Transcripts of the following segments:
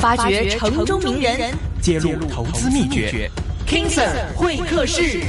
發掘城中名人，揭露投資秘訣。King Sir, King Sir 會客室，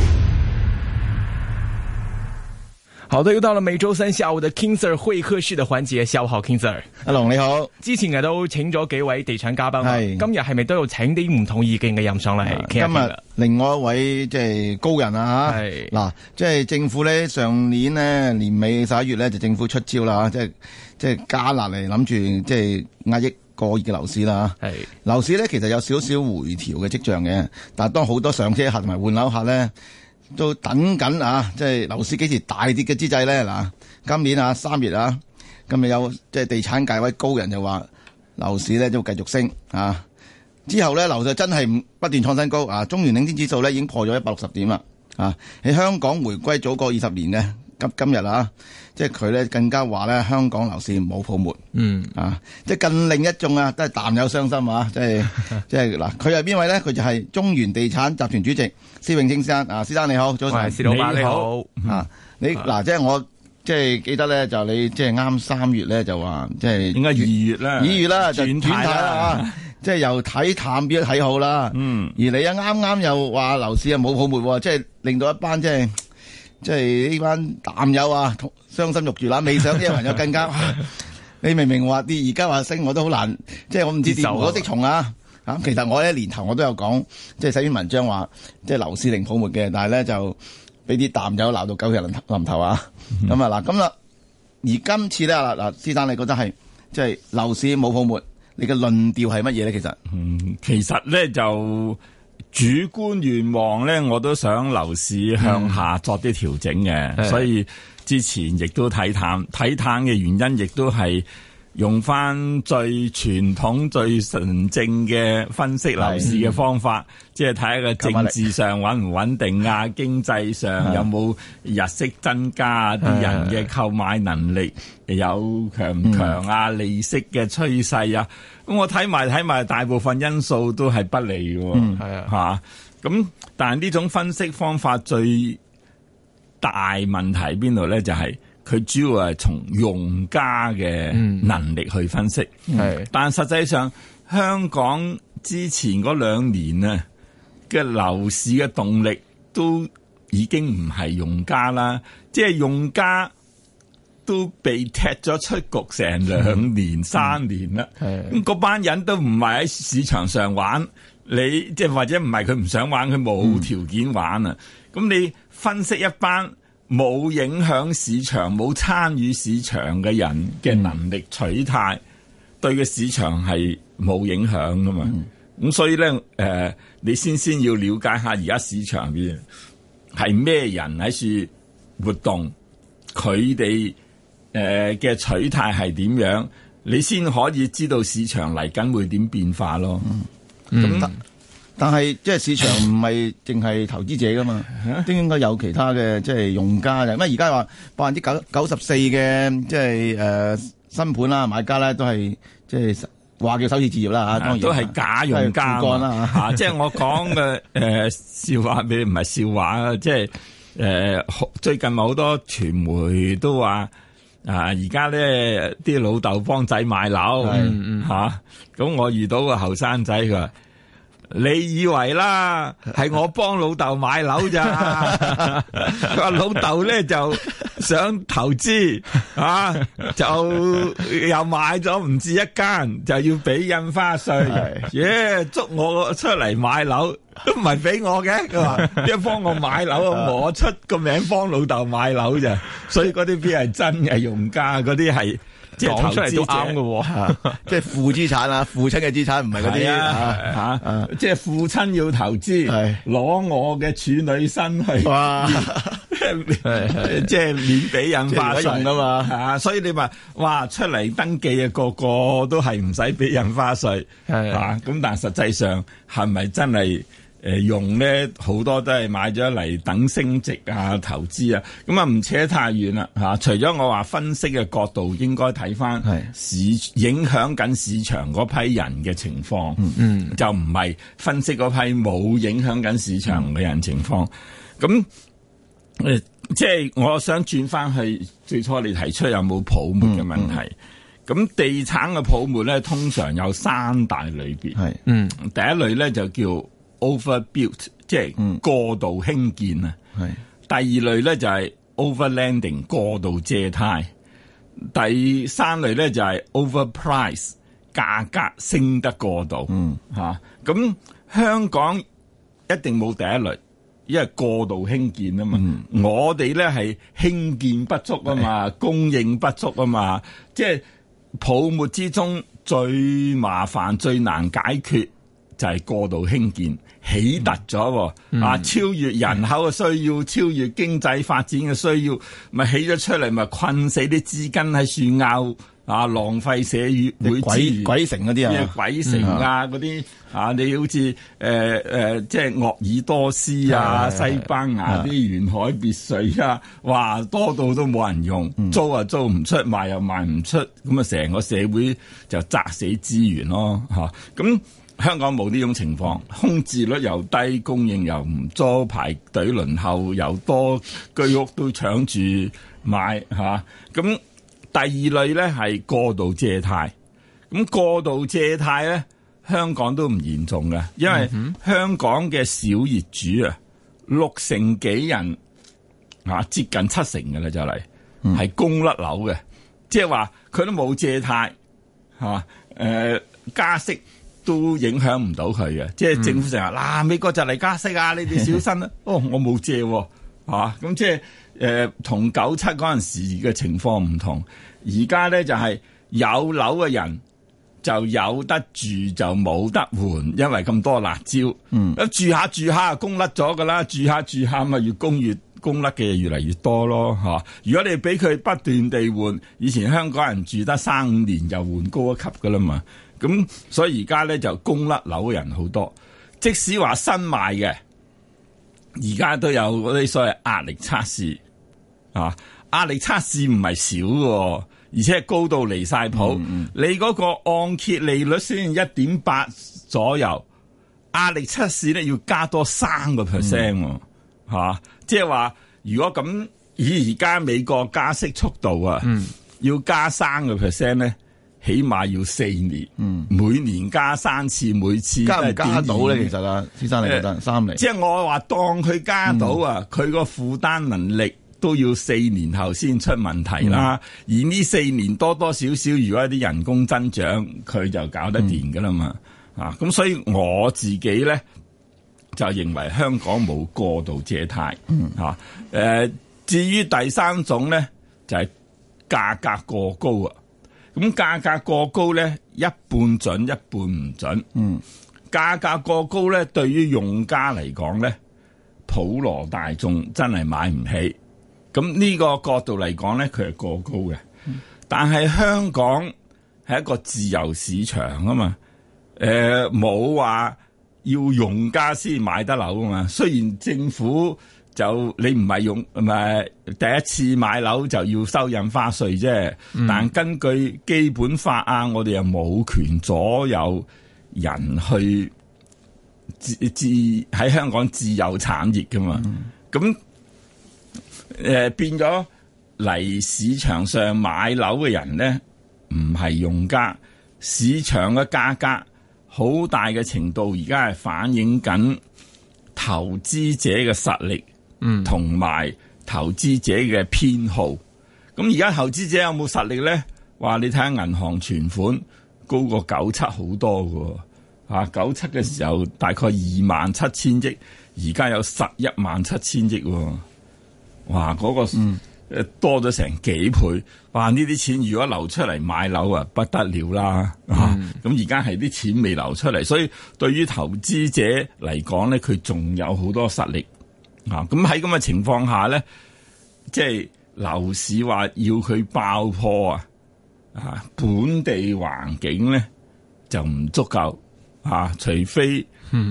好的，又到了每周三下午的 King Sir 會客室的環節。下午好，King Sir，阿龍你好。之前我都請咗幾位地產嘉賓，係是今日係咪都要請啲唔同意見嘅人上嚟？今日另外一位即係高人啊吓，嗱是，即係、啊就是、政府咧上年呢，年尾十一月咧就政府出招啦，即係即係加辣嚟諗住即係壓抑。過熱嘅樓市啦，係樓市咧，其實有少少回調嘅跡象嘅，但係當好多上車客同埋換樓客咧，都等緊啊，即係樓市幾時大跌嘅之際咧嗱，今年啊三月啊，今日有即係地產界位高人就話樓市咧都會繼續升啊，之後咧樓市真係不斷創新高啊，中原領先指數咧已經破咗一百六十點啦啊，喺香港回歸早過二十年呢。今今日啊，即係佢咧更加話咧香港樓市冇泡沫。嗯啊，即係更另一種啊，都係淡有傷心啊！即係即係嗱，佢係邊位咧？佢就係中原地產集團主席施永青。 先生啊，先生你好，早晨，施老闆你好啊，你嗱、啊啊，即係我即係記得咧，就你即係啱三月咧就話即係，應該二月啦，二月啦，轉軚啦 啊，即係由睇淡變咗睇好啦。嗯，而你啊啱啱又話樓市又冇泡沫，即係令到一班即係。即係呢班淡友啊，同傷心欲絕啦，未想啲朋友更加。 你明明話啲而家話升，我都好難，即係我唔知點。嗰啲重啊，啊，其實我一年頭我都有講，即係寫篇文章話，即係樓市零泡沫嘅，但係咧就俾啲淡友鬧到狗血淋頭淋頭啊。咁、嗯、啊嗱，咁啦，而今次咧嗱、啊，施先生你覺得係即係樓市冇泡沫，你嘅論調係乜嘢咧？其實，嗯，其實咧就。主觀願望呢，我都想樓市向下作啲調整嘅，嗯、所以之前亦都睇淡，睇淡嘅原因亦都係用翻最傳統、最純正嘅分析樓市嘅方法，嗯、即係睇下個政治上穩唔穩定啊，的經濟上有冇日息增加啊，啲的人嘅購買能力有強唔強啊，嗯、利息嘅趨勢啊。咁我睇埋睇埋，大部分因素都係不利嘅、啊。嗯，係啊，吓咁、啊。但係呢種分析方法最大問題邊度呢？就係、是、佢主要係從用家嘅能力去分析。係、嗯，嗯、但係實際上、啊、香港之前嗰兩年啊嘅樓市嘅動力都已經唔係用家啦，即係用家。都被踢咗出局成兩年三年啦，咁嗰班人都唔係喺市場上玩，你即係或者唔係佢唔想玩，佢冇條件玩啊。咁你分析一班冇影響市場、冇參與市場嘅人嘅能力取態，對個市場係冇影響噶嘛？咁所以咧，誒，你先先要了解下而家市場邊係咩人喺處活動，佢哋。誒嘅、呃、取態係點樣，你先可以知道市場嚟緊會點變化咯。咁、嗯嗯、但係即係市場唔係淨係投資者噶嘛，都、啊、應該有其他嘅即係用家嘅。因為而家話百分之九九十四嘅即係誒、呃、新盤啦、啊，買家咧、啊、都係即係話叫首次置業啦。吓，當然都係假用家啦。吓、啊啊，即係我講嘅誒笑話，你唔係笑話啊！即係誒、呃、最近好多傳媒都話。啊！而家咧，啲老豆幫仔買樓，嗯嗯是，吓，咁，啊，我遇到個後生仔，佢話。你以為啦，係我幫老豆買樓咋？佢 話老豆咧就想投資，啊，就又買咗唔止一間，就要俾印花稅。耶，捉我出嚟買樓都唔係俾我嘅。佢話一幫我買樓，我出個名幫老豆買樓咋？所以嗰啲邊係真嘅用家，嗰啲係。講出嚟都啱嘅喎，即係負資產啊，父親嘅資產唔係嗰啲啊，吓，即係父親要投資，攞我嘅處女身去，即係免俾印花稅啊嘛，吓，所以你話哇出嚟登記啊，個個都係唔使俾印花稅，吓，咁但係實際上係咪真係？誒用咧，好多都係買咗嚟等升值啊，投資啊，咁啊唔扯太遠啦、啊、除咗我話分析嘅角度，應該睇翻市影響緊市場嗰批人嘅情況，嗯，就唔係分析嗰批冇影響緊市場嘅人的情況。咁、嗯呃、即係我想轉翻去最初你提出有冇泡沫嘅問題。咁、嗯嗯、地產嘅泡沫咧，通常有三大類別，係嗯第一類咧就叫 overbuilt 即係過度興建啊！嗯、第二類咧就係 overlanding 過度借貸，第三類咧就係 overprice 價格升得過度。咁、嗯啊、香港一定冇第一類，因為過度興建啊嘛。嗯、我哋咧係興建不足啊嘛，是供應不足啊嘛，即係泡沫之中最麻煩、最難解決。就係過度興建，起突咗、嗯、啊！超越人口嘅需要，嗯、超越經濟發展嘅需要，咪起咗出嚟咪困死啲資金喺樹拗啊！浪費社會資源，鬼城嗰啲啊，鬼城啊嗰啲啊，些嗯、你好似誒誒，即係鄂爾多斯啊、的西班牙啲沿海別墅啊，的哇，多到都冇人用，嗯、租啊租唔出，賣又賣唔出，咁啊，成個社會就砸死資源咯嚇咁。啊。香港冇呢種情況，空置率又低，供應又唔多，排隊輪候又多，居屋都搶住買，吓咁。第二類咧係過度借貸，咁過度借貸咧，香港都唔嚴重嘅，因為香港嘅小業主啊，六成幾人啊，接近七成㗎啦就嚟，是，係供甩樓嘅，即係話佢都冇借貸，吓，誒、呃、加息。都影響唔到佢嘅，即係政府成日嗱，美國就嚟加息啊！你哋小心啦、啊。哦，我冇借喎、啊，咁、啊、即係誒，同九七嗰陣時嘅情況唔同。而家咧就係、是、有樓嘅人就有得住，就冇得換，因為咁多辣椒。嗯，住下住下，供甩咗㗎啦。住下住下，咪越供越。供甩嘅越嚟越多咯，嚇、啊！如果你俾佢不斷地換，以前香港人住得三五年就換高一級噶啦嘛，咁所以而家咧就供甩樓嘅人好多。即使話新買嘅，而家都有嗰啲所謂壓力測試，嚇、啊、壓力測試唔係少喎，而且係高到離晒譜。嗯嗯，你嗰個按揭利率先一點八左右，壓力測試咧要加多三個 percent，嚇。啊啊。即係話，如果咁以而家美國加息速度啊，嗯、要加三個 percent 咧，起碼要四年，嗯、每年加三次，每次加唔加到咧？其實啊、嗯，先生你覺得？三年？即係我話當佢加到啊，佢個負擔能力都要四年後先出問題啦。嗯、而呢四年多多少少，如果一啲人工增長，佢就搞得掂噶啦嘛。嗯、啊，咁所以我自己咧，就認為香港冇過度借貸，嗯啊，至於第三種咧，就係、是、價格過高啊。咁價格過高咧，一半準，一半唔準。嗯，價格過高咧，對於用家嚟講咧，普羅大眾真係買唔起。咁呢個角度嚟講咧，佢係過高嘅。嗯、但係香港係一個自由市場啊嘛。冇、呃、話。要用家先買得樓啊嘛？雖然政府就你唔係用唔係第一次買樓就要收印花稅啫，嗯、但根據基本法啊，我哋又冇權左右人去自自喺香港自有產業噶嘛？咁誒、嗯呃、變咗嚟市場上買樓嘅人咧，唔係用家，市場嘅價格。好大嘅程度，而家係反映緊投資者嘅實力和，嗯，同埋投資者嘅偏好。咁而家投資者有冇實力咧？哇！你睇下銀行存款高過九七好多嘅，啊，九七嘅時候大概二萬七千億，而家有十一萬七千億，哇、啊！嗰、嗰個嗯。多咗成幾倍，話呢啲錢如果流出嚟買樓啊，不得了啦！咁而家係啲錢未流出嚟，所以對於投資者嚟講咧，佢仲有好多實力啊！咁喺咁嘅情況下咧，即係樓市話要佢爆破啊，啊，本地環境咧就唔足夠啊，除非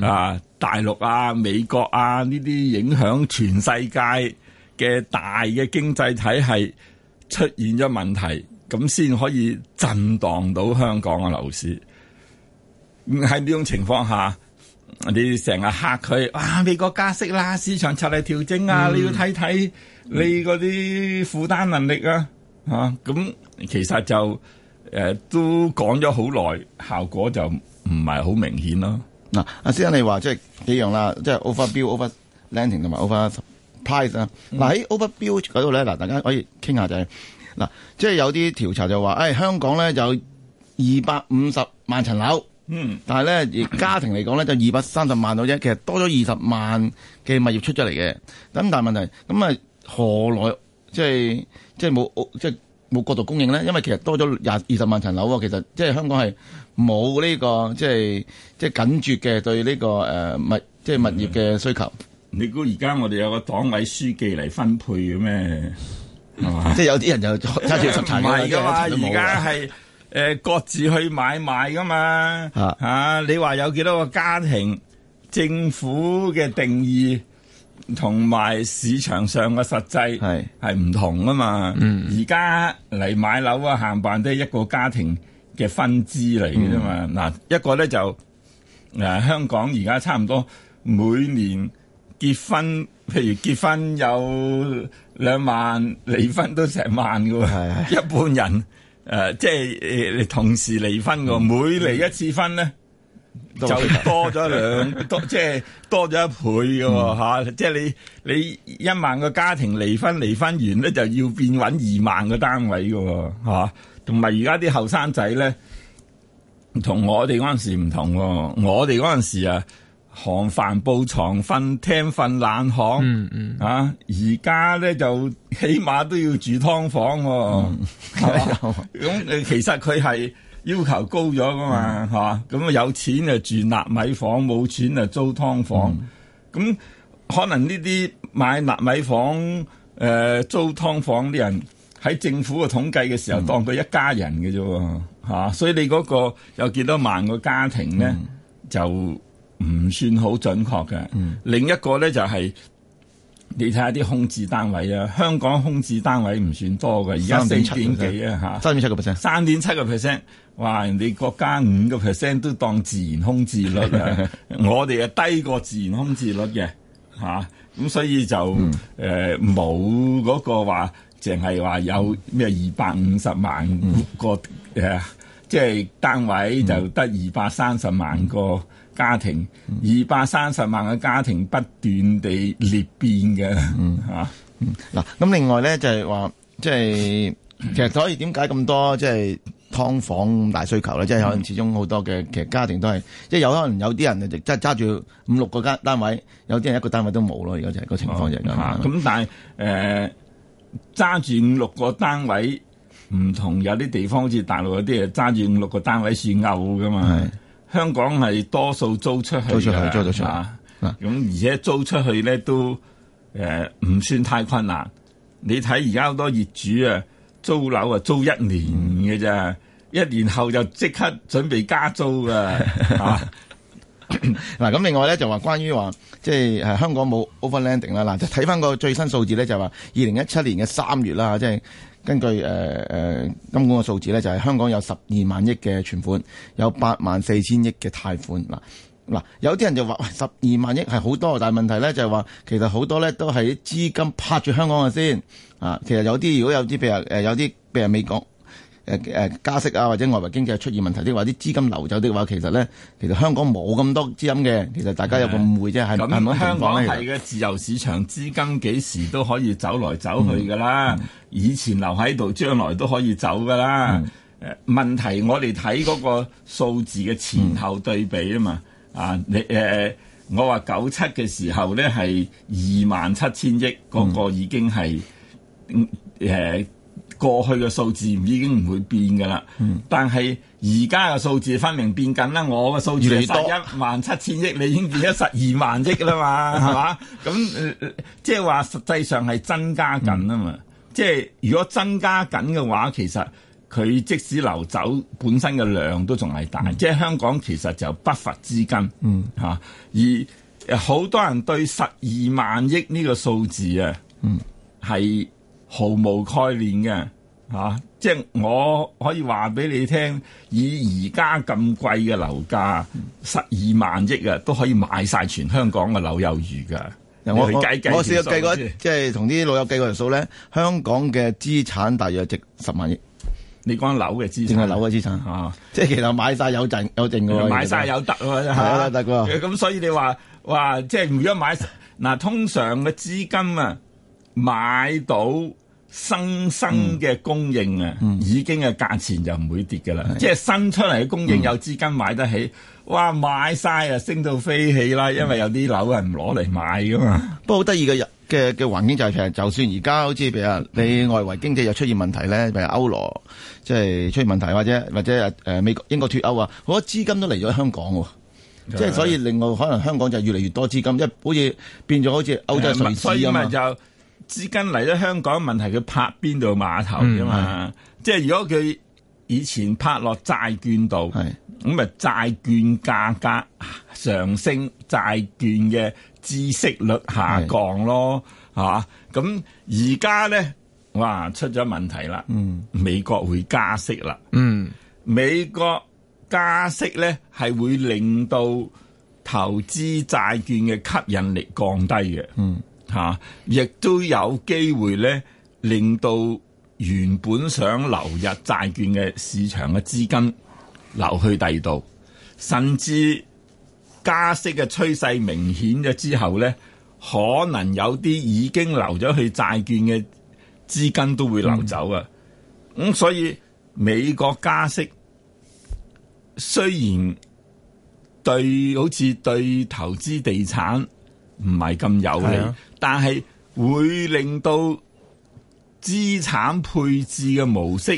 啊大陸啊、美國啊呢啲影響全世界嘅大嘅經濟體系出現咗問題，咁先可以震盪到香港嘅樓市。喺呢種情況下，你成日嚇佢，哇！美國加息啦，市場策略調整啊，嗯、你要睇睇你嗰啲負擔能力啊，嚇、啊！咁其實就誒、呃、都講咗好耐，效果就唔係好明顯咯。嗱、啊，阿先生你話即係幾樣啦，即、就、係、是、overbuy、overlending 同埋 over price 啊，嗱喺 Overbuild 嗰度咧，嗱大家可以傾下就係、是、嗱、啊，即係有啲調查就話，誒、哎、香港咧有二百五十萬層樓，嗯，但係咧而家庭嚟講咧就二百三十萬到啫，其實多咗二十萬嘅物業出咗嚟嘅，咁但係問題，咁啊何來即係即係冇即係冇過度供應咧？因為其實多咗廿二十萬層樓，其實即係香港係冇呢個即係即係緊絕嘅對呢、這個誒、啊、物即係物業嘅需求。你估而家我哋有個黨委書記嚟分配嘅咩？即係有啲人又揸住十台嘅。唔係噶，而家係誒各自去買賣噶嘛吓，啊啊？你話有幾多個家庭？政府嘅定義同埋市場上嘅實際係係唔同噶嘛？嗯，而家嚟買樓啊，冚唪唥都係一個家庭嘅分支嚟嘅啫嘛。嗱，嗯，一個咧就，啊、香港而家差唔多每年。結婚，譬如結婚有兩萬，離婚都成萬嘅，嗯、一般人誒、嗯呃，即係誒、呃，同時離婚嘅，嗯、每離一次婚咧，多數就多咗兩 多，即係多咗一倍嘅吓、嗯啊。即係你你一萬個家庭離婚，離婚完咧就要變穩二萬個單位嘅吓，啊、的同埋而家啲後生仔咧，同我哋嗰陣時唔同，我哋嗰陣時啊。行帆布床瞓廳瞓冷巷啊！而家咧就起碼都要住劏房，啊，咁誒、嗯， 其實佢係要求高咗噶嘛，係咁、嗯、啊，有錢就住納米房，冇錢就租劏房。咁、嗯、可能呢啲買納米房誒、呃、租劏房啲人喺政府嘅統計嘅時候，當佢一家人嘅啫、啊、吓、嗯啊，所以你嗰個有幾多萬個家庭咧，嗯、就。唔算好準確嘅。嗯、另一個咧就係你睇下啲空置單位啊，香港空置單位唔算多㗎，而家三點幾啊，嚇三點七個 percent，三點七個 percent。哇！人哋國家五個 percent 都當自然空置率啊， 我哋啊低過自然空置率嘅嚇。咁、啊、所以就誒冇嗰個話，淨係話有咩二百五十萬個誒，即係、嗯呃就是、單位就得二百三十萬個。嗯嗯家庭二百三十萬嘅家庭不斷地裂變嘅嚇，嗱咁另外咧就係、是、話，即、就、係、是、其實所以點解咁多即係、就是、劏房咁大需求咧？嗯、即係可能始終好多嘅其實家庭都係，即係有可能有啲人就即係揸住五六個家單位，有啲人一個單位都冇咯。而家就係、是、個情況就係咁。咁、哦吧嗯、但係誒揸住五六個單位，唔同有啲地方好似大陸有啲人揸住五六個單位算鈎噶嘛。香港係多數租出去，租出去，租出去，租咗出去。咁而且租出去咧都誒唔、呃、算太困難。你睇而家好多業主啊，租樓啊租一年嘅啫，一年後就即刻準備加租噶。嗱咁另外咧就話關於話即係香港冇 open landing 啦，嗱就睇翻個最新數字咧就係話二零一七年嘅三月啦即係。就是根據誒誒、呃呃、金管局數字咧，就係、是、香港有十二萬億嘅存款，有八萬四千億嘅貸款。嗱嗱，有啲人就話十二萬億係好多，但係問題咧就係、是、話其實好多咧都係啲資金拍住香港嘅先啊。其實有啲如果有啲譬如誒、呃、有啲譬如美國。誒誒加息啊，或者外圍經濟出現問題嘅話，啲資金流走嘅話，其實咧，其實香港冇咁多資金嘅，其實大家有個誤會啫，係咁咪香港咧？係嘅，自由市場資金幾時都可以走來走去噶啦，嗯、以前留喺度，將來都可以走噶啦。誒、嗯、問題，我哋睇嗰個數字嘅前後對比啊嘛。嗯、啊，你誒、呃，我話九七嘅時候咧係二萬七千億，個、那個已經係誒。嗯呃過去嘅數字已經唔會變㗎喇，嗯、但係而家嘅數字分明變緊啦。我嘅數字係十一萬七千億，你已經變咗十二萬億啦嘛，係嘛、嗯？咁、呃、即係話實際上係增加緊啊嘛。嗯、即係如果增加緊嘅話，其實佢即使流走本身嘅量都仲係大。嗯、即係香港其實就不乏資金，吓、嗯啊、而好多人對十二萬億呢個數字啊，係、嗯。毫無概念嘅，吓，即係我可以話俾你聽，以而家咁貴嘅樓價，十二萬億啊，都可以買晒全香港嘅樓有餘噶。我我我試過計過即係同啲老友計過條數咧，香港嘅資產大約值十萬億。你講樓嘅資產，係樓嘅資產即係其實買晒有剩有剩嘅，買晒有得啊，係啊，大哥。咁所以你話哇即係如果買嗱，通常嘅資金啊，買到。新生生嘅供應啊，嗯、已經嘅價錢就唔會跌㗎啦。的即係新出嚟嘅供應有資金買得起，哇！買晒啊，升到飛起啦。因為有啲樓係唔攞嚟買㗎嘛。嗯嗯嗯、不過好得意嘅嘅嘅環境就係、是，其實就算而家好似譬如你外圍經濟又出現問題咧，譬如歐羅即係、就是、出現問題或者或者美國、呃、英國脱歐啊，好多資金都嚟咗香港喎。即、啊、係的所以另外可能香港就越嚟越多資金，好似變咗好似歐洲嘅瑞士咁啊就資金嚟咗香港，問題佢泊邊度碼頭啫嘛？嗯、是即係如果佢以前泊落債券度，咁咪是債券價格、啊、上升，債券嘅孳息率下降咯，咁而家咧，哇，出咗問題啦，嗯、美國會加息啦，嗯、美國加息咧係會令到投資債券嘅吸引力降低嘅。嗯吓，亦、啊、都有機會咧，令到原本想流入債券嘅市場嘅資金流去第二度，甚至加息嘅趨勢明顯咗之後咧，可能有啲已經流咗去債券嘅資金都會流走啊！咁、嗯、所以美國加息雖然對好似對投資地產。唔係咁有利，啊、但係會令到資產配置嘅模式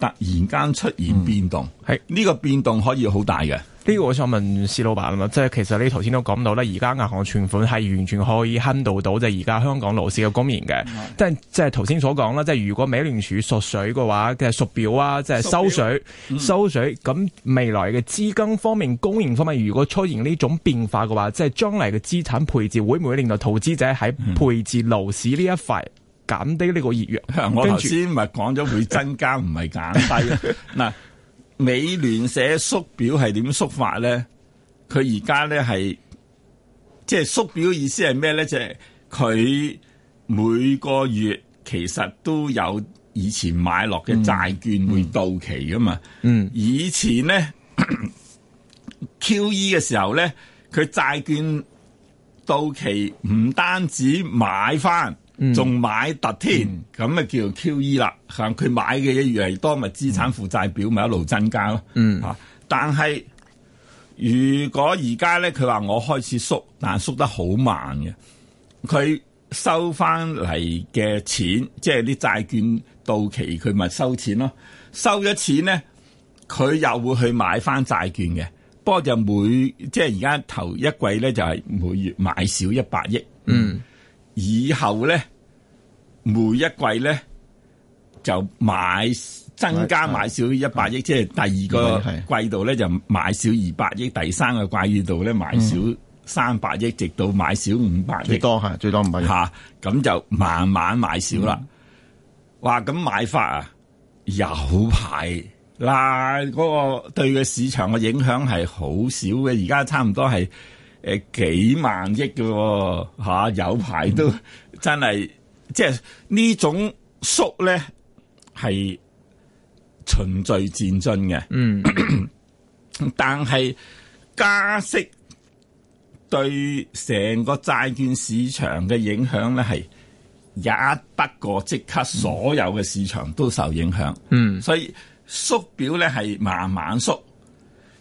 突然間出現變動，係呢、嗯、個變動可以好大嘅。呢個我想問施老闆吖嘛，即係其實你頭先都講到咧，而家銀行存款係完全可以坑到到即係而家香港樓市嘅供應嘅。即係即係頭先所講啦，即係如果美聯儲縮水嘅話嘅縮表啊，即係收水收水，咁、嗯、未來嘅資金方面供應方面，如果出現呢種變化嘅話，即係將嚟嘅資產配置會唔會令到投資者喺配置樓市呢一塊減低呢個熱源？我頭先咪講咗會增加，唔係減低嗱。 美聯社縮表係點縮法咧？佢而家咧係即係縮表意思係咩咧？即係佢每個月其實都有以前買落嘅債券會到期㗎嘛。嗯嗯、以前咧 QE 嘅時候咧，佢債券到期唔單止買翻。仲、嗯、買突添咁啊，嗯、就叫做 QE 啦。佢買嘅嘢越嚟多，咪資產負債表咪、嗯、一路增加咯、嗯啊。但係如果而家咧，佢話我開始縮，但縮得好慢嘅。佢收翻嚟嘅錢，即係啲債券到期，佢咪收錢咯。收咗錢咧，佢又會去買翻債券嘅。不過就每即係而家頭一季咧，就係、是、每月買少一百億。嗯。以後咧，每一季咧就買增加買少一百億，是是是即係第二個季度咧就買少二百億，第三個季度咧買少三百億，嗯、直到買少五百億最，最多最多唔係，咁就慢慢買少啦。話咁、嗯、買法啊，有排嗱，嗰個對個市場嘅影響係好少嘅，而家差唔多係。誒，幾萬億嘅，吓，有排都真係，即係呢種縮咧，係循序漸進嘅。嗯，但係加息對成個債券市場嘅影響咧，係也不過即刻所有嘅市場都受影響。嗯，所以縮表咧係慢慢縮，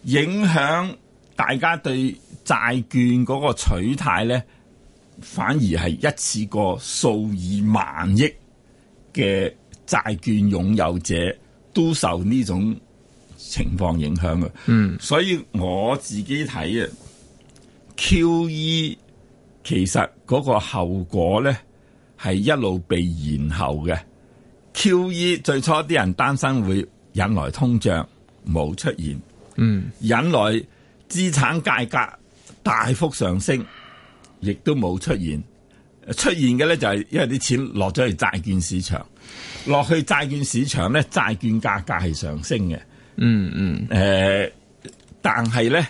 影響大家對債券嗰個取態咧，反而係一次過數以萬億嘅債券擁有者都受呢種情況影響嘅。嗯，所以我自己睇啊，QE 其實嗰個後果咧係一路被延後嘅。QE 最初啲人擔心會引來通脹，冇出現。嗯，引來資產價格大幅上升，亦都冇出現，出現嘅咧就係因為啲錢落咗去債券市場，落去債券市場咧債券價格係上升嘅。嗯。嗯嗯。誒、呃，但係咧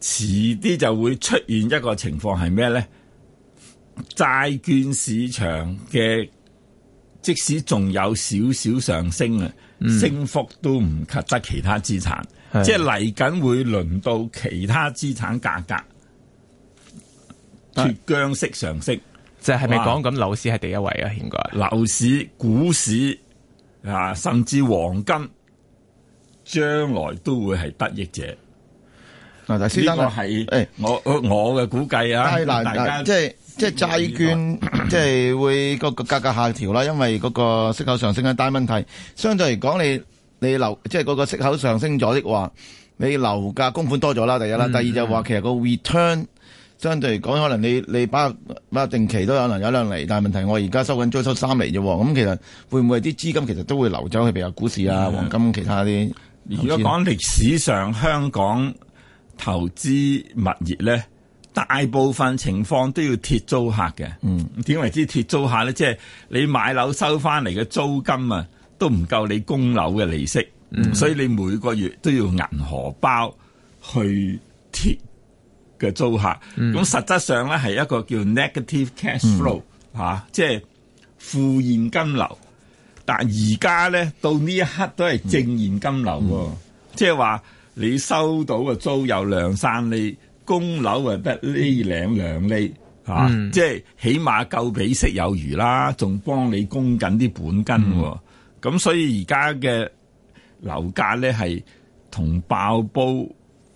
遲啲就會出現一個情況，係咩咧？債券市場嘅即使仲有少少上升啊，嗯、升幅都唔及得其他資產，係嘅即係嚟緊會輪到其他資產價格。脫繮式上升，就係咪講緊樓市係第一位啊？應該樓市、股市啊，甚至黃金，將來都會係得益者。呢、啊就係、個係誒、哎、我我嘅估計啊。難大家啊即係即係債券，嗯、即係會個個價格下調啦。因為嗰個息口上升嘅大問題。相對嚟講，你你樓即係嗰個息口上升咗的話，你樓價供款多咗啦。第一啦，第二就話其實個 return。相對嚟講，可能你你把把定期都有，可能有兩厘，但係問題我而家收緊租收三厘啫。咁其實會唔會啲資金其實都會流走去，譬如股市啊、黃金、其他啲。如果講歷史上香港投資物業咧，大部分情況都要貼租客嘅。嗯，點為之貼租客咧？即係你買樓收翻嚟嘅租金啊，都唔夠你供樓嘅利息。嗯，所以你每個月都要銀荷包去貼。嘅租客，咁、嗯、實質上咧係一個叫 negative cash flow、嗯啊、即係負現金流。但而家咧到呢一刻都係正現金流，嗯嗯、即係話你收到嘅租有兩三厘，供樓就得呢兩兩厘，啊嗯、即係起碼夠俾息有餘啦，仲幫你供緊啲本金。咁、嗯啊、所以而家嘅樓價咧係同爆煲。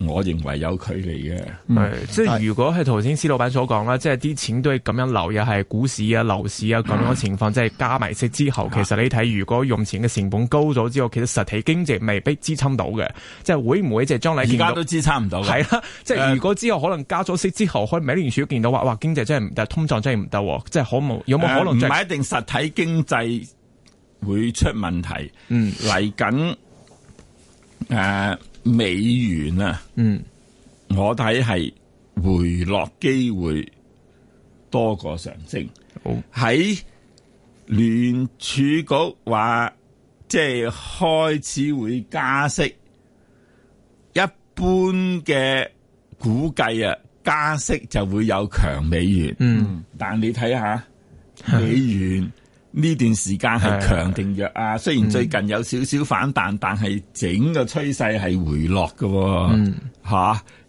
我認為有距離嘅，即係如果係頭先施老闆所講啦，即係啲錢都係咁樣流，又係股市啊、樓市啊咁樣嘅情況，即係、嗯、加埋息之後，嗯、其實你睇如果用錢嘅成本高咗之後，其實實體經濟未必支撐到嘅，即係會唔會即係將來而家都支撐唔到，嘅？係啦的，呃、即係如果之後可能加咗息之後，可能美聯儲都見到話，哇、呃，經濟真係唔得，通脹真係唔得，即係可冇有冇可能唔係、呃、一定實體經濟會出問題，嗯，嚟緊誒。呃美元啊，嗯，我睇係回落機會多過上升。好，喺聯儲局話，即係開始會加息，一般嘅估計啊，加息就會有強美元。嗯，但你睇下美元。呢段時間係強定弱啊？哎、呀雖然最近有少少反彈，嗯、但係整個趨勢係回落噶、啊，吓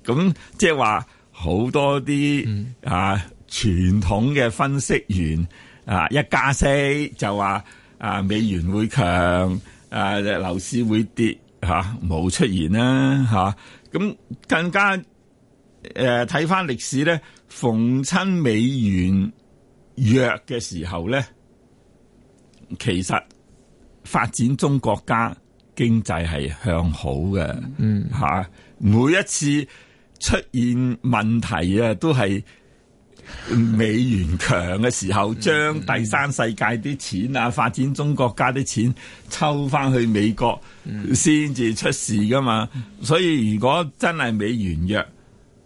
咁、嗯啊、即係話好多啲、嗯、啊傳統嘅分析員啊，一加息就話啊美元會強啊，樓市會跌吓冇、啊、出現啦吓咁更加誒睇翻歷史咧，逢親美元弱嘅時候咧。其實發展中國家經濟係向好嘅，吓、嗯、每一次出現問題啊，都係美元強嘅時候，將第三世界啲錢啊，嗯嗯、發展中國家啲錢抽翻去美國，先至出事噶嘛。所以如果真係美元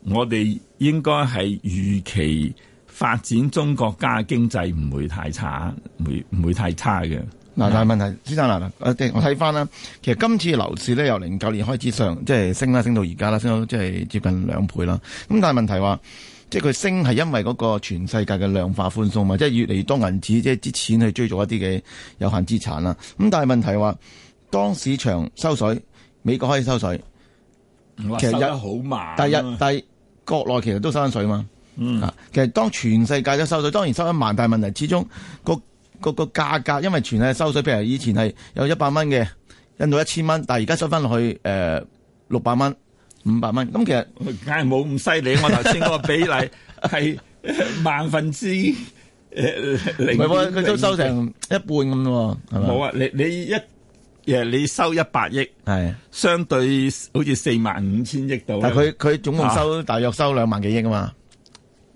弱，我哋應該係預期。發展中國家經濟唔會太差，唔會唔會太差嘅。嗱、嗯，但係問題，先生嗱，我睇翻啦。其實今次樓市咧由零九年開始上，即係升啦，升到而家啦，升到即係接近兩倍啦。咁但係問題話，即係佢升係因為嗰個全世界嘅量化寬鬆嘛，即係越嚟越多銀紙，即係啲錢去追逐一啲嘅有限資產啦。咁但係問題話，當市場收水，美國開始收水，哇其實收得好慢啊。第一，日，但國內其實都收水嘛。嗯啊，其實當全世界都收稅，當然收一萬，大問題始終個個個價格，因為全係收稅，譬如以前係有一百蚊嘅，印到一千蚊，但係而家收翻落去誒六百蚊、五百蚊，咁、嗯、其實梗係冇咁犀利。 我頭先嗰個比例係萬分之誒零，唔係喎，佢都收成一半咁咯，係嘛？冇啊，你你一誒你收一百億，係是相對好似四萬五千億度，但係佢佢總共收大約收兩萬幾億啊嘛。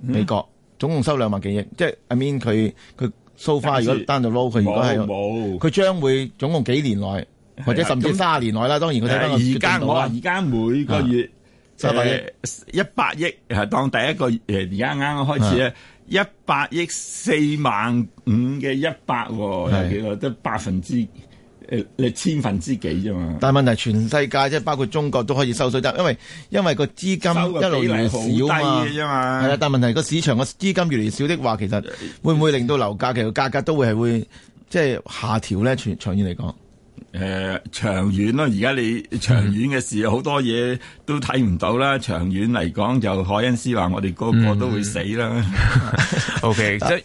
美國總共收兩萬幾億，即係 I mean 佢佢 so far 如果單就撈佢，如果係冇，佢將會總共幾年內或者甚至卅年內啦。當然佢睇翻個決定。而家我話而家每個月就百一百億，係當第一個而而家啱啱開始咧，一百億四萬五嘅一百，係幾個得百分之？誒，千分之幾啫嘛？但係問題，全世界即係包括中國都可以收水得，因為因為個資金一路越少嘛。係啊，但問題個市場個資金越嚟越少的話，其實會唔會令到樓價其實價格都會係會即係、就是、下調咧？長長遠嚟講，誒，長遠咯，而家你長遠嘅事好、嗯、多嘢都睇唔到啦。長遠嚟講，就凱恩斯話我哋個個都會死啦。嗯、 OK 但。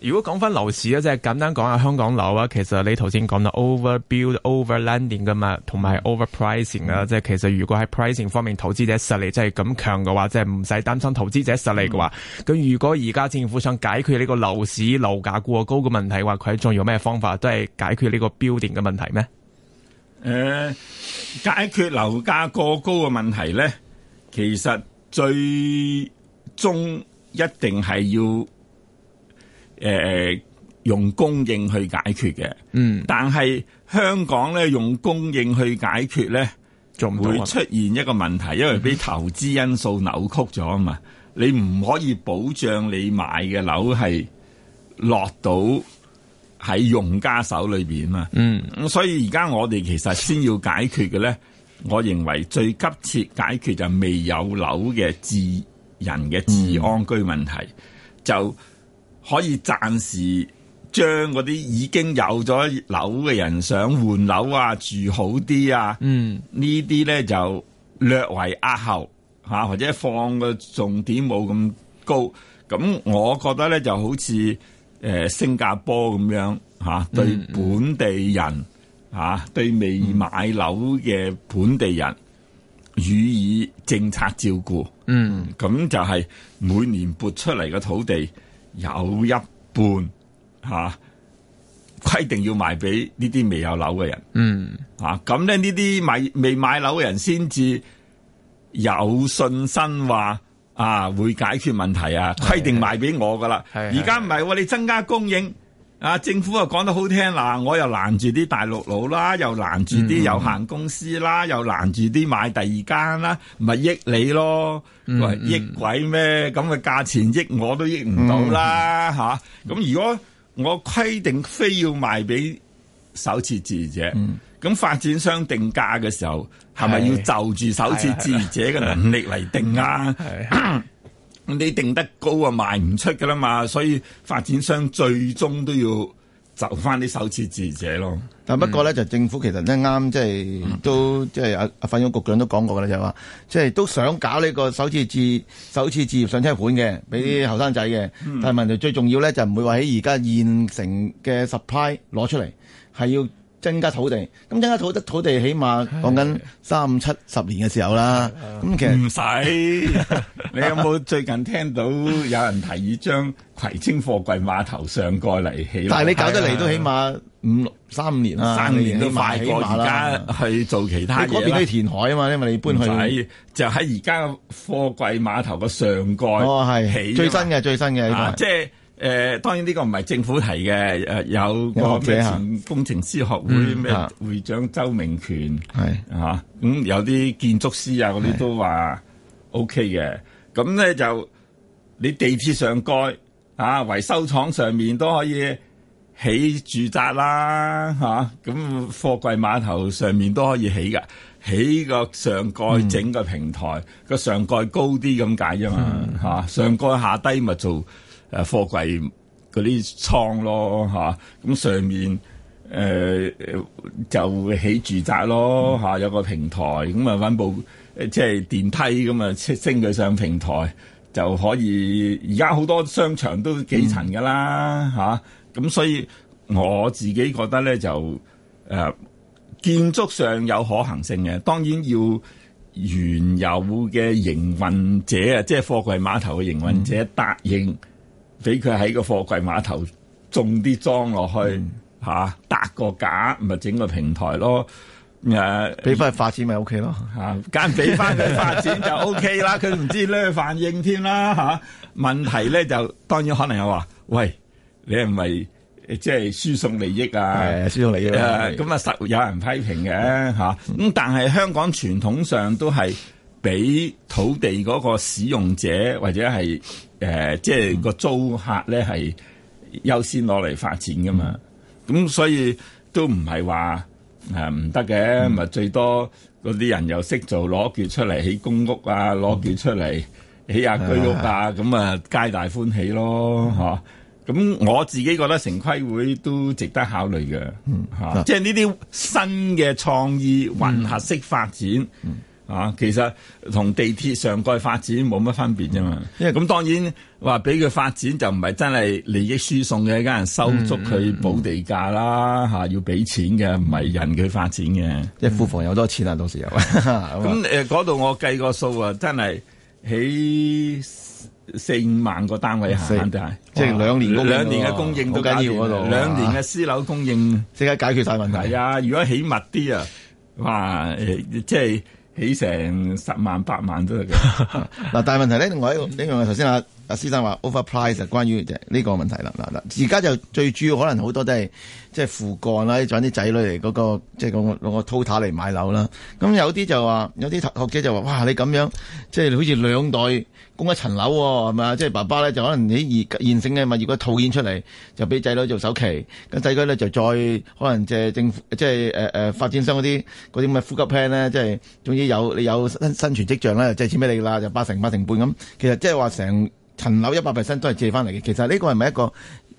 如果講翻樓市即係簡單講下香港樓啊。其實你頭先講到 overbuild、overlanding 噶嘛，同埋 overpricing 啊。即係其實如果喺 pricing 方面投資者實力真係咁強嘅話，即係唔使擔心投資者實力嘅話。咁、嗯、如果而家政府想解決呢個樓市樓價過高嘅問題話，話佢仲有咩方法都係解決呢個 building 嘅問題咩？誒、呃，解決樓價過高嘅問題咧，其實最終一定係要。誒、呃，用供應去解決嘅，嗯，但係香港咧用供應去解決咧，仲多會出現一個問題，因為俾投資因素扭曲咗啊嘛，嗯、你唔可以保障你買嘅樓係落到喺用家手裏面啊嘛，嗯，所以而家我哋其實先要解決嘅咧，我認為最急切解決就係未有樓嘅住人嘅治安居問題、嗯、就。可以暫時將嗰啲已經有咗樓嘅人想換樓啊，住好啲啊，呢啲咧就略為壓後嚇，或者放個重點冇咁高。咁我覺得咧就好似誒、呃、新加坡咁樣嚇、啊，對本地人嚇、嗯啊，對未買樓嘅本地人、嗯、予以政策照顧。嗯，咁、嗯、就係每年撥出嚟嘅土地。有一半嚇、啊、規定要賣俾呢啲未有樓嘅人，嚇咁咧呢啲買未買樓嘅人先至有信心話啊會解決問題啊，規定賣俾我噶啦。而家唔係喎，你增加供應。啊！政府啊，講得好聽嗱，我又攔住啲大陸佬啦，又攔住啲有限公司啦，嗯嗯又攔住啲買第二間啦，咪益你咯，喂、嗯嗯，益鬼咩？咁嘅價錢益我都益唔到啦，吓、嗯嗯！咁、啊、如果我規定非要賣俾首次置業者，咁、嗯、發展商定價嘅時候，係咪是要就住首次置業者嘅能力嚟定啊？你定得高啊，賣唔出噶啦嘛，所以發展商最終都要就返啲首次置者咯。但、嗯、不過咧，就政府其實咧啱，即係、就是、都即係阿阿發展局長都講過啦，就係、是、話，即、就、係、是、都想搞呢個首次置首次置業上車盤嘅，俾啲後生仔嘅。嗯、但係問題最重要咧，就唔、是、會話喺而家現成嘅 supply 攞出嚟，係要。增加土地，咁增加土地土地，起碼講緊三五七十年嘅時候啦。咁其實唔使，你有冇最近聽到有人提議將葵青貨櫃碼頭上蓋嚟起？但係你搞得嚟都起碼五六三年啦。三年都快過而家去做其他嘢。你嗰邊都填海啊嘛，因為你搬去。就喺而家貨櫃碼頭個上蓋。哦，係起最新嘅最新嘅。即係。誒、呃，當然呢個唔係政府提嘅，有個工程師學會咩、嗯、會長周明權咁。是、啊嗯、有啲建築師啊嗰啲都話 O K 嘅。咁咧是就你地鐵上蓋啊，維修廠上面都可以起住宅啦嚇。咁、啊、貨櫃碼頭上面都可以起㗎，起個上蓋整個平台，個、嗯、上蓋高啲咁解啫嘛嚇。上蓋下低咪做。誒貨櫃嗰啲倉咯，咁、啊、上面誒、呃、就起住宅咯、啊、有個平台，咁啊搵部即係電梯，咁啊升佢上平台就可以。而家好多商場都幾層㗎啦咁、嗯啊、所以我自己覺得咧就誒、啊、建築上有可行性嘅，當然要原有嘅營運者啊，即係貨櫃碼頭嘅營運者答應。嗯俾佢喺個貨櫃碼頭種啲樁落去嚇、嗯啊，搭個架咪整個平台咯，誒、啊，俾翻佢發展咪 O K 咯嚇，梗俾翻佢發展就 O K 啦。佢唔 知咩反應添啦嚇。問題咧就當然可能又話：喂，你係唔係即係輸送利益啊？輸送利益啊！咁啊是，實有人批評嘅嚇。咁、啊嗯嗯、但係香港傳統上都係俾土地嗰個使用者或者係。誒、呃，即係個租客咧係優先攞嚟發展噶嘛，咁、嗯、所以都唔係話唔得嘅，咪、啊嗯、最多嗰啲人又識做，攞件出嚟起公屋啊，攞件出嚟起下居屋啊，咁、嗯、啊是是是皆大歡喜咯，嚇、嗯！咁、啊、我自己覺得城規會都值得考慮嘅，嗯啊、即係呢啲新嘅創意混合式發展，嗯嗯啊，其實同地鐵上蓋發展冇乜分別啫嘛。咁當然話俾佢發展就唔係真係利益輸送嘅，一家人收足佢補地價啦，嚇，要俾錢嘅，唔係人佢發展嘅。即係庫房有多錢啦，到時有。咁誒嗰度我計個數啊，真係起四五萬個單位，肯定即係兩年供應，兩年嘅供應都緊要度，兩年嘅私樓供應即刻解決晒問題啊！如果起密啲啊，哇即係～起成十萬八萬都得嘅。嗱，但係問題咧，另外一呢樣啊，頭先啊啊施生話 overpriced，關於呢個問題啦，嗱、啊、嗱，而家就最主要可能好多都係即係父幹啦，仲有啲仔女嚟嗰、那個即係、就是那個個 total 嚟買樓啦，咁有啲就話有啲學者就話，哇！你咁樣即係、就是、好似兩代。供一層樓喎，係嘛？即係爸爸咧就可能啲現現成嘅物業果套現出嚟，就俾仔女做首期。咁仔女咧就再可能借政府，即係誒誒發展商嗰啲嗰啲咁嘅呼吸 plan 咧，即係總之有你有生，生存跡象啦，就借錢俾你啦，就八成八成半咁。其實即係話成層樓一百 percent 都係借翻嚟嘅。其實呢個係咪一個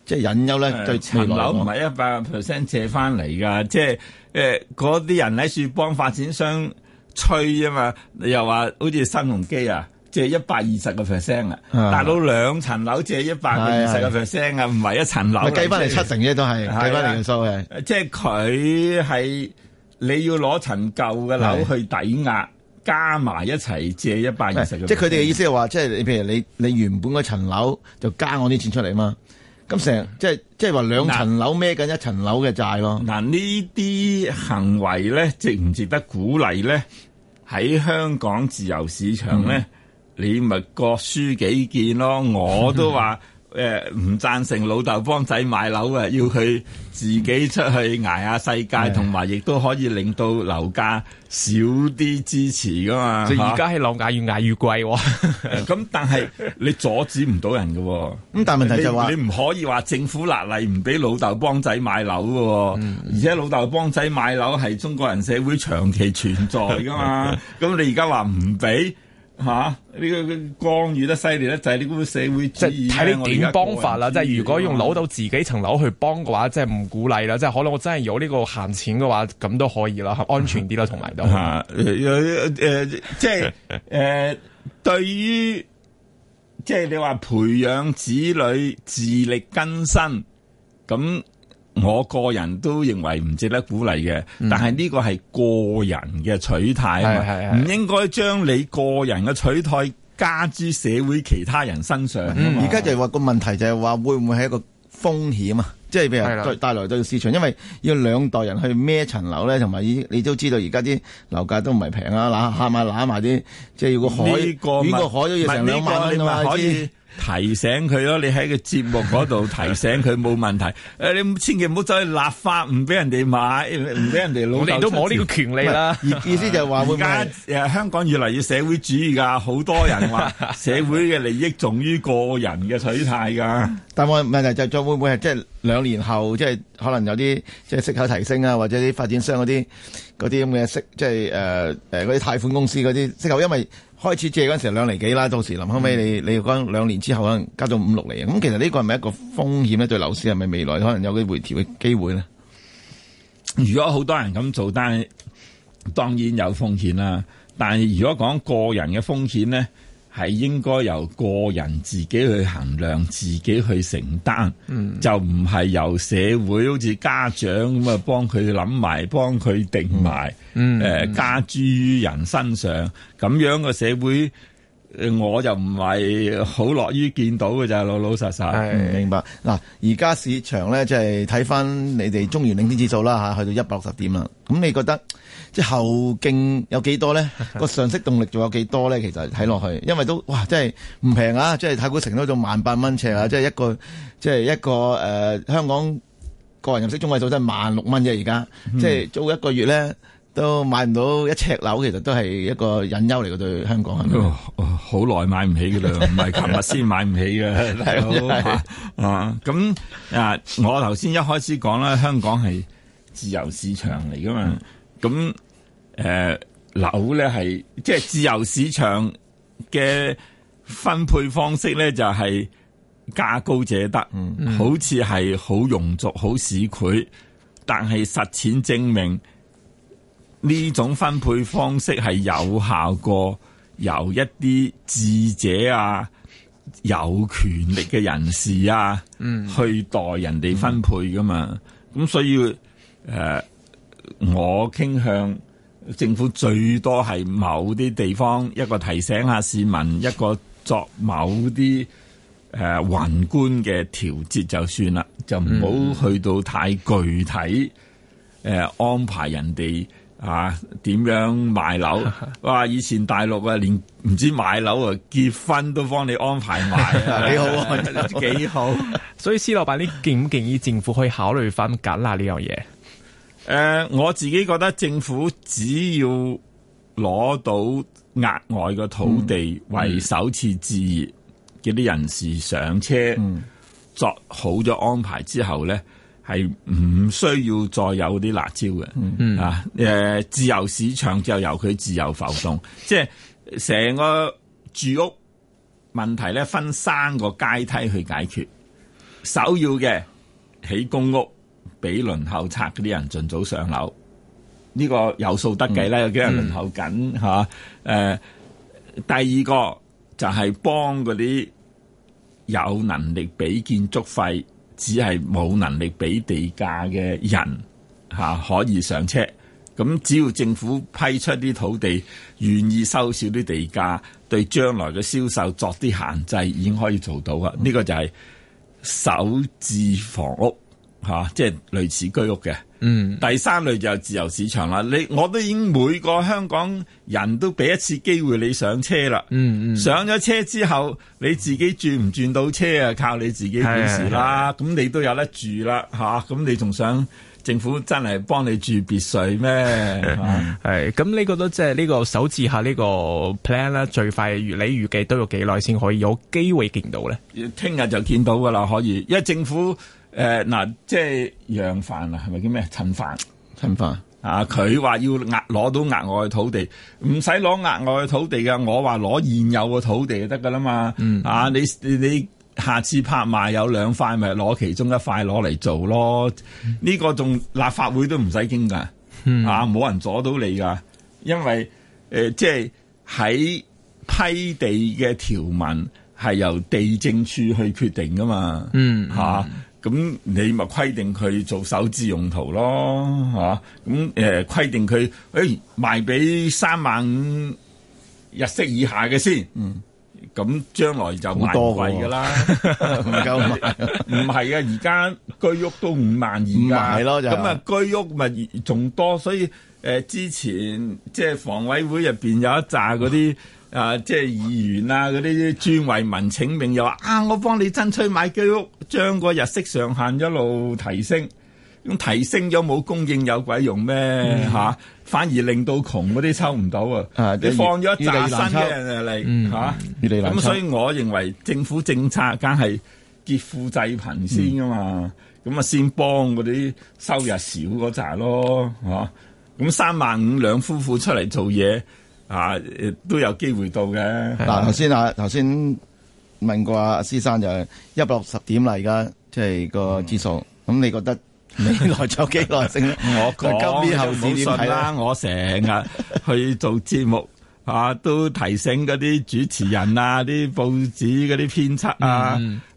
即係隱憂咧？對未來層樓唔係一百 percent 借翻嚟㗎，即係誒嗰啲人喺度幫發展商吹啊嘛，你又話好似新鴻基啊～借一百二十個 percent 啊，大佬兩層樓借一百二十個 percent 啊，唔係一層樓，啊，計翻嚟七成啫，都係計翻嚟個數係，即係佢係你要攞層舊嘅樓去抵押，加埋一齊借一百二十個。即係佢哋嘅意思係話，即係你譬如你你原本嗰層樓就加我啲錢出嚟嘛，咁成即係即係話兩層樓孭緊一層樓嘅債咯。嗱呢啲行為咧，值唔值得鼓勵咧？喺香港自由市場咧？嗯。你咪各抒己見咯，我都話誒唔贊成老豆幫仔買樓啊，要佢自己出去捱下世界，同埋的亦都可以令到樓價少啲支持噶嘛。即而家係樓價越捱越貴，咁 但係你阻止唔到人嘅。咁但係問題就話你唔可以話政府立例唔俾老豆幫仔買樓喎。嗯、而且老豆幫仔買樓係中國人社會長期存在噶嘛。咁 你而家話唔俾？吓，呢、這個降雨得犀利咧，就係呢個社會主義，即係睇你點幫法啦。啊、即係如果用樓到自己層樓去幫嘅話，即係唔鼓勵啦。即係可能我真係有呢個閒錢嘅話，咁都可以啦，安全啲啦，同埋都。吓，誒，即係誒、 呃，對於即係你話培養子女自力更生咁。我個人都認為唔值得鼓勵嘅，但係呢個係個人嘅取態啊嘛，唔應該將你個人嘅取態加諸社會其他人身上。而家就話個問題就係話會唔會係一個風險啊？即係俾人帶來到市場，因為要兩代人去孭層樓咧，同埋你都知道而家啲樓價都唔係平啊，嗱吓埋揦埋啲，即係如果海如果海都要成兩萬蚊可以。提醒佢咯，你喺個節目嗰度提醒佢冇 問題。你千祈唔好走去立法，唔俾人哋買，唔俾人哋老。我哋都冇呢個權利啦。意思就係話 在會買。而家香港越嚟越社會主義㗎，好多人話社會嘅利益重於個人嘅取態㗎。 但我問題就再、是、會唔會係即係兩年後，即係可能有啲即係息口提升啊，或者啲發展商嗰啲嗰啲咁嘅息，即係誒嗰啲貸款公司嗰啲息口，因為。開始借嗰陣時候兩厘幾啦，到時臨後尾你你講兩年之後可能加到五六厘，咁其實呢個係咪一個風險呢？對樓市係咪未來可能有啲回調嘅機會呢？如果好多人咁做，但當然有風險啦。但係如果講個人嘅風險呢？係應該由個人自己去衡量，自己去承擔，嗯、就唔係由社會，好似家長咁啊，幫佢諗埋，幫佢定埋，誒、嗯嗯呃、加諸於人身上咁樣嘅社會，我就唔係好樂於見到嘅就係老老實實，是明白。嗱，而家市場咧，即係睇翻你哋中原領先指數啦，吓去到一百六十點啦，咁你覺得？即後勁有幾多咧？個上升動力仲有幾多咧？其實睇落去，因為都哇，即係唔平啊！即係太古城都仲萬八蚊尺啊！即係一個即係一個誒、呃、香港個人入息中位數真係萬六蚊啫。而家即係租一個月咧都買唔到一尺樓，其實都係一個隱憂嚟。對香港，好耐、呃呃呃、買唔起噶啦，唔係琴日先買唔起嘅。好啊，咁啊，啊，我頭先一開始講啦，香港係自由市場嚟噶嘛。嗯咁誒，樓咧係即係自由市場嘅分配方式咧，就係、是、價高者得，嗯、好似係好庸俗、好市儈，但係實踐證明呢種分配方式係有效過由一啲智者啊、有權力嘅人士啊，嗯，去代人哋分配噶嘛。咁所以誒。呃我傾向政府最多係某啲地方一個提醒下市民，一個作某啲誒、呃、宏觀嘅調節就算啦，就唔好去到太具體誒、呃、安排人哋啊點樣買樓。哇！以前大陸啊，連唔知買樓啊結婚都幫你安排埋，幾 好，幾、嗯、好。 所以闆，施老闆，你建唔建議政府可以考慮翻緊啊呢樣嘢？誒、呃，我自己覺得政府只要攞到額外嘅土地為首次置業，叫啲人士上車、嗯嗯、作好咗安排之後咧，係唔需要再有啲辣招嘅。嗯嗯、啊誒、呃，自由市場就由佢自由浮動，嗯、即係成個住屋問題咧分三個階梯去解決，首要嘅起公屋。俾輪候冊嗰啲人盡早上樓，呢、這個有數得計啦，嗯、有幾人輪候緊嚇？誒、嗯啊呃，第二個就係幫嗰啲有能力俾建築費，只係冇能力俾地價嘅人嚇、啊、可以上車。咁只要政府批出啲土地，願意收少啲地價，對將來嘅銷售作啲限制，已經可以做到噶。呢、這個就係首置房屋。吓、啊，即係類似居屋嘅。嗯，第三類就係自由市場啦。你我都已經每個香港人都俾一次機會你上車啦、嗯。嗯嗯，上咗車之後你自己轉唔轉到車啊？靠你自己本事啦。咁你都有得住啦，吓、啊。咁你仲想政府真係幫你住別墅咩？係呵。咁、啊、你覺得即係呢個首次下呢個 plan 啦，最快你預計都要幾耐先可以有機會見到咧？聽日就見到噶啦，可以，因為政府。誒、嗱、呃，即係楊帆，是是，帆，帆啊，係咪叫咩陳帆？陳帆啊，佢話要額攞到額外土地，唔使攞額外土地噶，我話攞現有嘅土地就得噶啦嘛。嗯、啊，你你，你下次拍賣有兩塊，咪攞其中一塊攞嚟做咯。呢、嗯、個仲立法會都唔使經噶，嗯、啊，冇人阻到你噶，因為誒、呃，即係喺批地嘅條文係由地政處去決定噶嘛。嗯。嗯、吓、啊。咁你咪規定佢做首置用途咯，吓咁誒規定佢誒、欸、賣俾三萬五日息以下嘅先，咁將、嗯、來就唔多㗎啦、哦，唔夠唔係啊，而家 居屋都五萬以下，咯、就是，咁啊居屋咪仲多，所以誒、呃、之前即係房委會入邊有一紮嗰啲。啊！即係議員啊，嗰啲專為民請命又話啊，我幫你爭取買居屋，將個入息上限一路提升。咁提升咗冇供應，有鬼用咩吓、嗯啊？反而令到窮嗰啲抽唔到啊！啊你放咗一紮新嘅人嚟吓，咁所以我認為政府政策梗係劫富濟貧先噶嘛。咁、嗯、啊，先幫嗰啲收入少嗰扎咯吓。咁三萬五兩夫婦出嚟做嘢。啊，都有機會到嘅。嗱吧，頭先啊，頭先、啊、問過阿、啊、施生就係一百六十點啦，而家即係個指數。咁、嗯啊、你覺得來咗幾耐升？我講後市點睇啦？我成日去做節目啊，都提醒嗰啲主持人啊，啲報紙嗰啲編輯啊。嗯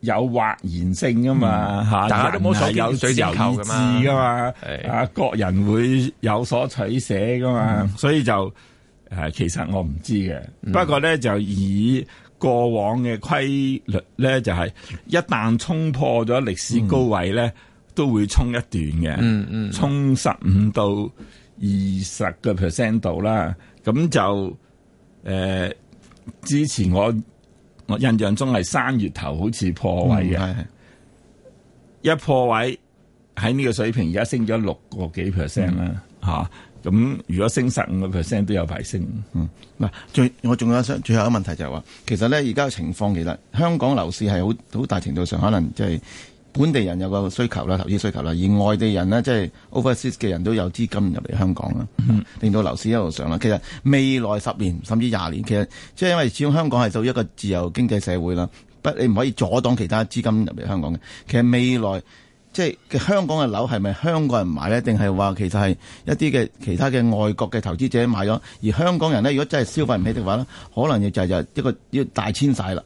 有或然性噶嘛吓，但係都冇所有自由噶嘛，嗯嘛嗯、啊，各是、啊、人會有所取捨噶嘛，嗯、所以就誒、呃，其實我唔知嘅。嗯、不過咧就以過往嘅規律咧，就係、是、一旦衝破咗歷史高位咧，嗯、都會衝一段嘅、嗯，嗯嗯，衝十五到二十個 percent 度啦。咁就誒、呃，之前我。我印象中係三月頭好似破位嘅，嗯、是是一破位喺呢個水平現在個，而家升咗六個幾 percent 啦，吓咁、嗯啊、如果升十五個 percent 都有排升，嗯嗱，最我仲有最想最後一個問題就係話，其實咧而家嘅情況，其實香港樓市係好好大程度上可能即、就、係、是。本地人有個需求啦，投資需求啦，而外地人呢，即係 overseas 嘅人都有資金入嚟香港啦，令到、嗯、樓市一路上啦。其實未來十年甚至廿年，其實即係因為始終香港係做一個自由經濟社會啦，不你唔可以阻擋其他資金入嚟香港嘅。其實未來即係嘅香港嘅樓係咪香港人買呢？定係話其實係一啲嘅其他嘅外國嘅投資者買咗？而香港人呢，如果真係消費唔起的話呢，可能要就就一個要大遷徙啦。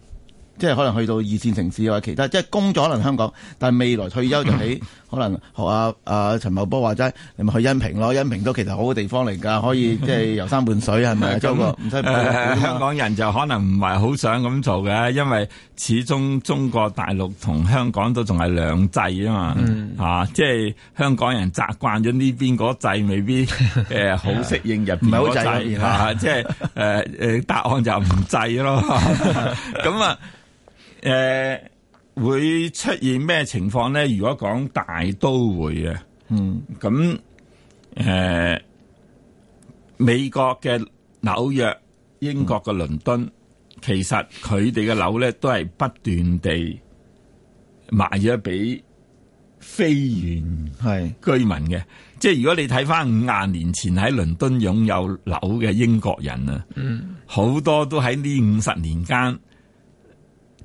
即係可能去到二線城市或其他，即係工作可能香港，但未來退休就喺可能學阿阿陳茂波話齋，你咪去恩平咯，恩平都其實好嘅地方嚟㗎，可以即係遊山玩水係咪？唔使，香港人就可能唔係好想咁做嘅，因為始終中國大陸同香港都仲係兩制啊嘛，嚇！即係香港人習慣咗呢邊嗰制，未必誒好適應入邊好制即係誒答案就唔制咯，咁啊～誒、呃，會出現咩情況呢？如果講大都會嘅、啊，嗯，咁誒、呃，美國嘅紐約、英國嘅倫敦，嗯、其實佢哋嘅樓咧都係不斷地賣咗俾非原居民嘅。是即係如果你睇翻五十年前喺倫敦擁有樓嘅英國人啊，嗯，好多都喺呢五十年間。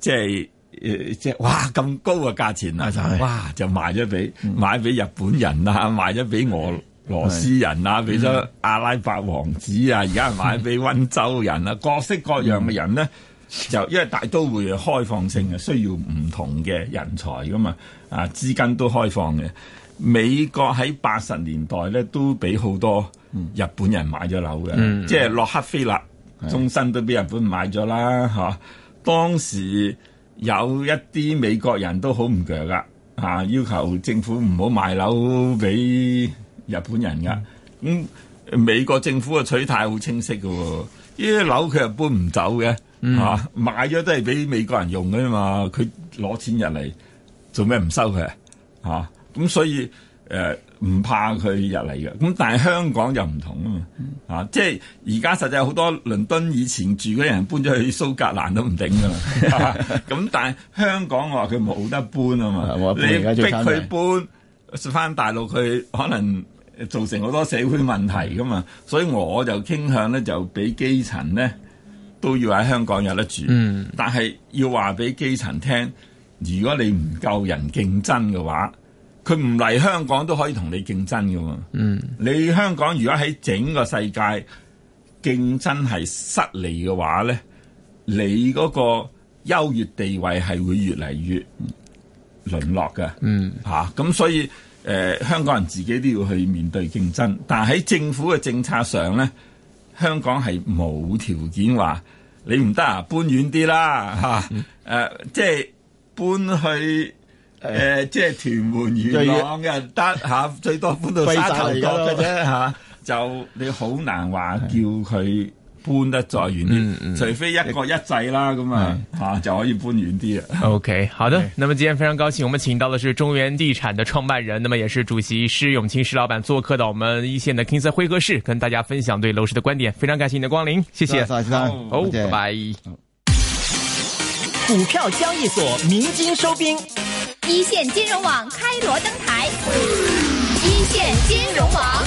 即係，誒、呃，即係，哇！咁高嘅價錢啊，是的哇！就賣咗俾、嗯、買俾日本人啦、啊，嗯、賣咗俾俄羅斯人啦、啊，俾咗的阿拉伯王子啊，而家的買俾温州人啦、啊，的各式各樣嘅人呢，嗯、就因為大都會開放性啊，需要唔同嘅人才㗎嘛，啊，資金都開放嘅。美國喺八十年代呢，都俾好多日本人買咗樓嘅，嗯、即係洛克菲勒，終身的都俾日本買咗啦，嚇、啊。當時有一啲美國人都好唔強噶，啊，要求政府唔好賣樓俾日本人噶。咁、嗯嗯、美國政府嘅取態好清晰嘅喎，呢啲樓佢係搬唔走嘅，嚇，賣咗都係俾美國人用嘅嘛，佢攞錢入嚟做咩唔收佢啊？咁、啊嗯、所以、呃唔怕佢入嚟嘅，咁但係香港就唔同啊嘛，嗯、啊即係而家實際好多倫敦以前住嘅人搬咗去蘇格蘭都唔頂噶啦，咁、 啊、但係香港我話佢冇得搬啊嘛，嗯、你逼佢搬返大陸，佢可能造成好多社會問題噶嘛，所以我就傾向咧就俾基層咧都要喺香港有得住，嗯、但係要話俾基層聽，如果你唔夠人競爭嘅話。佢唔嚟香港都可以同你競爭㗎嘛？嗯，你香港如果喺整個世界競爭係失利嘅話咧，你嗰個優越地位係會越嚟越淪落嘅。嗯，咁、啊、所以誒、呃，香港人自己都要去面對競爭，但係喺政府嘅政策上咧，香港係冇條件話你唔得啊，搬遠啲啦嚇、啊嗯啊，即係搬去。誒，即係屯門元朗嘅，得吓最多搬到沙頭角嘅啫吓，就你好難話叫佢搬得再遠啲，除非一國一制啦咁啊吓，就可以搬遠啲啊。OK，好的，那麼今天非常高興，我們請到的是中原地產的創辦人，那麼也是主席施永青。施老闆做客到我們一線的 King Sir 會客室，跟大家分享對樓市的觀點。非常感謝你的光臨，謝謝，再見，好，拜。股票交易所鳴金收兵。一線金融網開鑼登台，一線金融網。